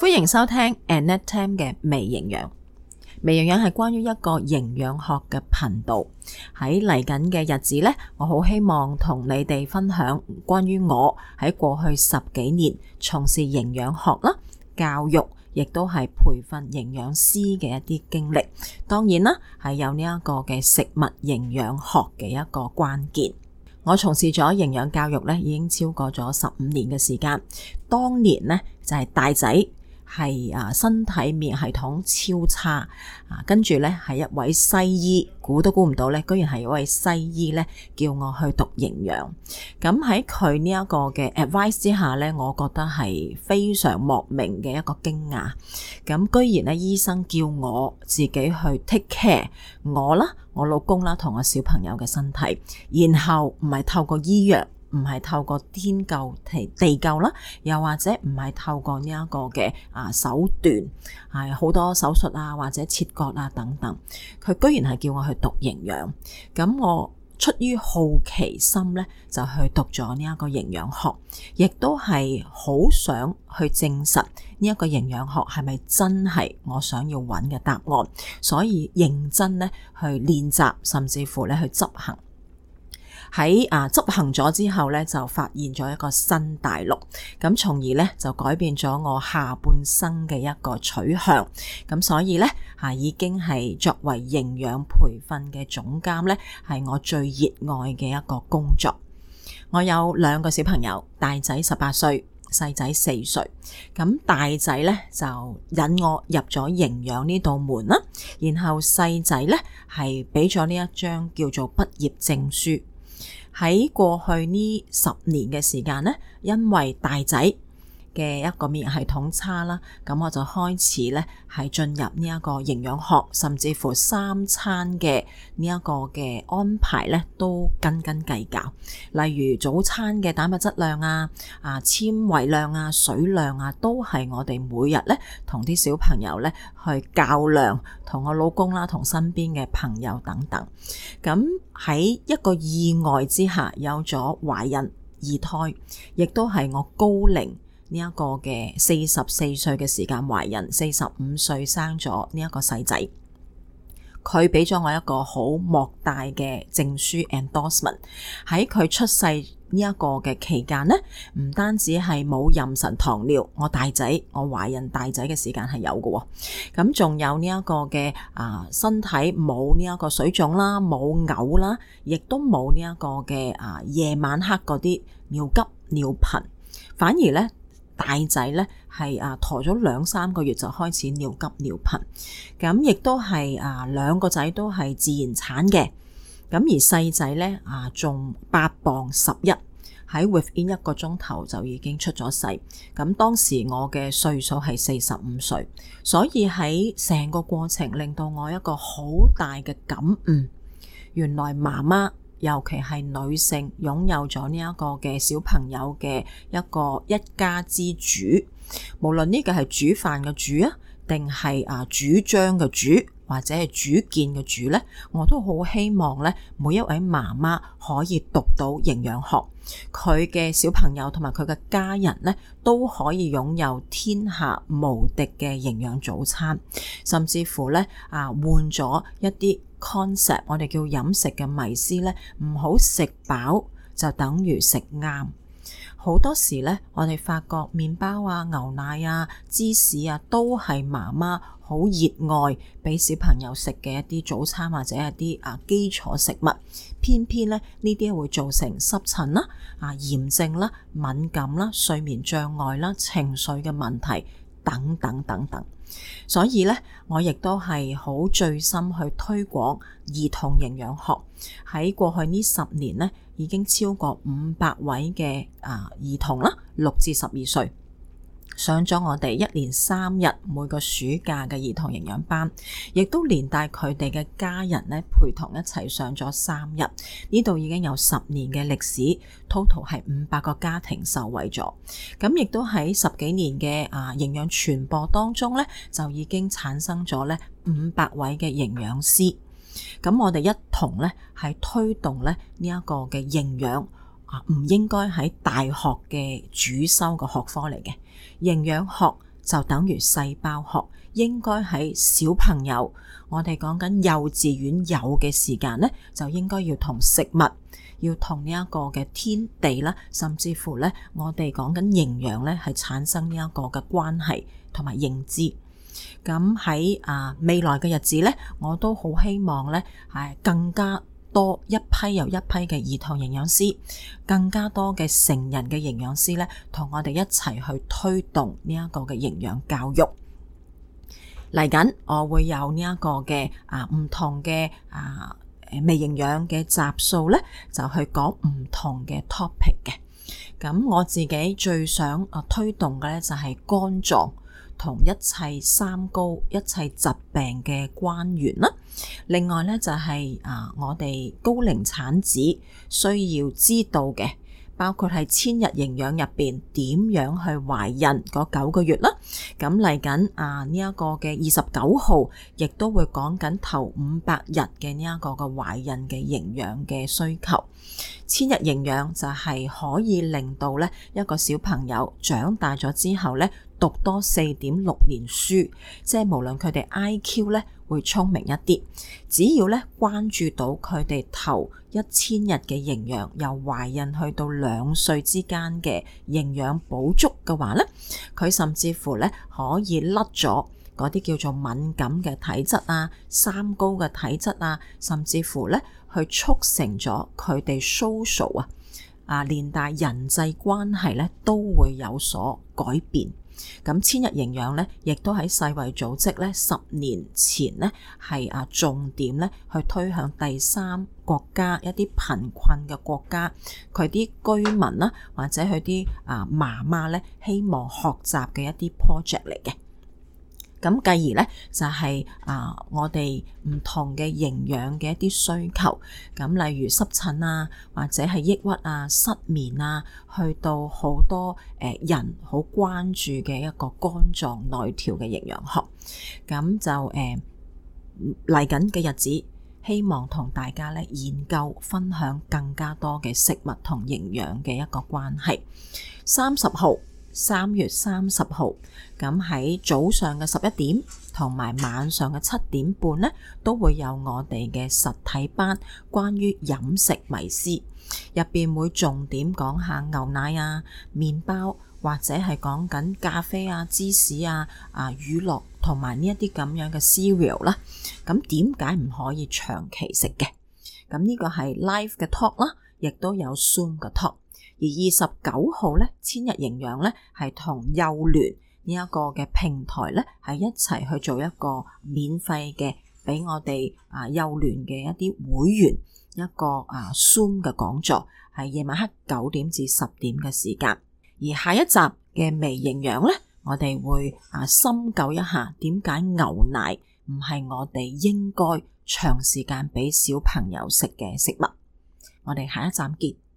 歡迎收聽 Annette Tam 嘅微營養。微營養係關於一個營養學嘅頻道。喺嚟緊嘅日子呢，我好希望同你哋分享關於我喺過去十幾年從事營養學啦、教育，亦都係培訓營養師嘅一啲經歷。當然啦，係有呢一個嘅食物營養學嘅一個關鍵。我從事咗營養教育呢，已經超過咗十五年嘅時間。當年呢，就係、是、大仔。係啊，身體免疫系統超差啊，跟住咧係一位西醫，估都估唔到咧，居然係一位西醫咧叫我去讀營養。咁喺佢呢一個嘅 advice 之下咧，我覺得係非常莫名嘅一個驚訝。咁居然咧醫生叫我自己去 take care 我啦，我老公啦同我小朋友嘅身體，然後唔係透過醫藥。唔係透過天灸地地灸啦，又或者唔係透過呢一個嘅啊手段，係好多手術啊或者切割啊等等，佢居然係叫我去讀營養，咁我出於好奇心咧就去讀咗呢一個營養學，亦都係好想去證實呢一個營養學係咪真係我想要揾嘅答案，所以認真咧去練習，甚至乎咧去執行。喺啊執行咗之後咧，就發現咗一個新大陸，咁從而咧就改變咗我下半生嘅一個取向，咁所以咧啊已經係作為營養培訓嘅總監咧，係我最熱愛嘅一個工作。我有兩個小朋友，大仔十八歲，細仔四歲，咁大仔咧就引我入咗營養呢道門啦，然後細仔咧係俾咗呢一張叫做畢業證書。喺過去呢十年嘅時間呢，因為大仔嘅一個免疫系統差啦，咁我就開始咧，係進入呢一個營養學，甚至乎三餐嘅呢一個嘅安排咧，都斤斤計較。例如早餐嘅蛋白質量啊、啊纖維量啊、水量啊，都係我哋每日咧同啲小朋友咧去較量，同我老公啦、啊，同身邊嘅朋友等等。咁喺一個意外之下有咗懷孕二胎，亦都係我高齡。呢一個嘅四十四歲嘅時間懷孕，四十五歲生咗呢一個細仔，佢畀咗我一個好莫大嘅證書 endorsement。喺佢出世呢一個嘅期間呢，唔單止係冇妊娠糖尿，我大仔我懷孕大仔嘅時間係有嘅，咁仲有呢一個嘅啊身體冇呢一個水腫啦，冇嘔啦，亦都冇呢一個嘅啊夜晚黑嗰啲尿急尿頻，反而呢。大仔咧係啊，抬咗兩三個月就開始尿急尿頻，咁、啊、亦都係啊兩個仔都係自然產嘅，咁、啊、而細仔咧啊重八磅十一，喺 within 一個鐘頭就已經出咗世，咁、啊、當時我嘅歲數係四十五歲，所以喺成個過程令到我一個好大嘅感悟，原來媽媽。尤其係女性擁有咗呢一個嘅小朋友嘅一個一家之主，無論呢個係煮飯嘅煮啊，定係啊主張嘅主，或者係主見嘅主呢，我都好希望呢每一位媽媽可以讀到營養學，佢嘅小朋友同埋佢嘅家人呢，都可以擁有天下無敵嘅營養早餐，甚至乎呢啊換咗一啲。Concept 我哋叫飲食嘅迷思呢，唔好食飽就等於食啱。好多時呢，我哋發覺麵包啊、牛奶啊、芝士啊，都係媽媽好熱愛俾小朋友食嘅一啲早餐或者一啲啊基礎食物，偏偏咧呢啲會造成濕疹啦、啊、啊炎症啦、啊、敏感啦、啊、睡眠障礙啦、啊、情緒嘅問題。等等等等，所以咧，我亦都係好醉心去推廣兒童營養學。喺過去呢十年咧，已經超過五百位嘅啊兒童啦，六至十二歲。上咗我哋一年三日每個暑假嘅兒童營養班，亦都連帶佢哋嘅家人呢陪同一齊上咗三日。呢度已經有十年嘅歷史，total 係五百個家庭受惠咗。咁亦都喺十幾年嘅啊營養傳播當中呢，就已經產生咗呢五百位嘅營養師。咁我哋一同呢係推動呢呢一個嘅營養。唔應該喺大學嘅主修個學科嚟嘅，營養學就等於細胞學，應該喺小朋友，我哋講緊幼稚園有嘅時間呢，就應該要同食物，要同呢一個嘅天地啦，甚至乎呢，我哋講緊營養呢，係產生呢一個嘅關係同埋認知。咁喺啊未來嘅日子呢，我都好希望呢，係更加。多一批又一批嘅兒童營養師，更加多嘅成人嘅營養師咧，同我哋一齊去推動呢一個嘅營養教育。嚟緊我會有、啊啊、呢一個嘅啊唔同嘅啊微營養嘅集數咧，就去講唔同嘅 topic 嘅。咁我自己最想啊推動嘅咧就係肝臟。同一切三高、一切疾病嘅關聯啦。另外呢，就係、係、啊，我哋高齡產子需要知道嘅，包括係千日營養入邊點樣去懷孕嗰九個月啦。咁嚟緊啊呢一、啊呢個嘅二十九號，亦都會講緊頭五百日嘅呢一個嘅懷孕嘅營養嘅需求。千日營養就係可以令到呢一個小朋友長大咗之後呢，讀多四點六年書，即係無論佢哋 IQ 咧會聰明一啲，只要咧關注到佢哋頭一千日嘅營養，由懷孕去到兩歲之間嘅營養補足嘅話咧，佢甚至乎咧可以甩咗嗰啲叫做敏感嘅體質啊、三高嘅體質啊，甚至乎咧去促成咗佢哋 social 啊啊連帶人際關係咧都會有所改變。咁千日營養咧，亦都喺世衛組織咧十年前咧係啊重點咧去推向第三國家、一啲貧困嘅國家，佢啲居民啦，或者佢啲啊媽媽咧希望學習嘅一啲 project 嚟嘅。咁，繼而咧就係啊，我哋唔同嘅營養嘅一啲需求，咁例如濕疹啊，或者係抑鬱啊、失眠啊，去到好多誒人好關注嘅一個肝臟內調嘅營養學。咁就誒嚟緊嘅日子，希望同大家咧研究分享更加多嘅食物同營養嘅一個關係。三十號。三月三十號，咁喺早上嘅十一點，同埋晚上嘅七點半呢，都會有我哋嘅實體班，關於飲食迷思，入邊會重點講下牛奶啊、麵包或者係講緊咖啡啊、芝士啊、啊乳酪同埋呢一啲咁樣嘅 cereal 啦，咁點解唔可以長期食嘅？咁呢個係 live 嘅 talk 啦，亦都有 zoom 嘅 talk。而二十九號咧，千日營養咧係同幼聯呢一個嘅平台咧，係一齊去做一個免費嘅，俾我哋啊幼聯嘅一啲會員一個啊 Zoom 嘅講座，係夜晚黑九點至十點嘅時間。而下一集嘅微營養咧，我哋會啊深究一下點解牛奶唔係我哋應該長時間俾小朋友食嘅食物。我哋下一集見。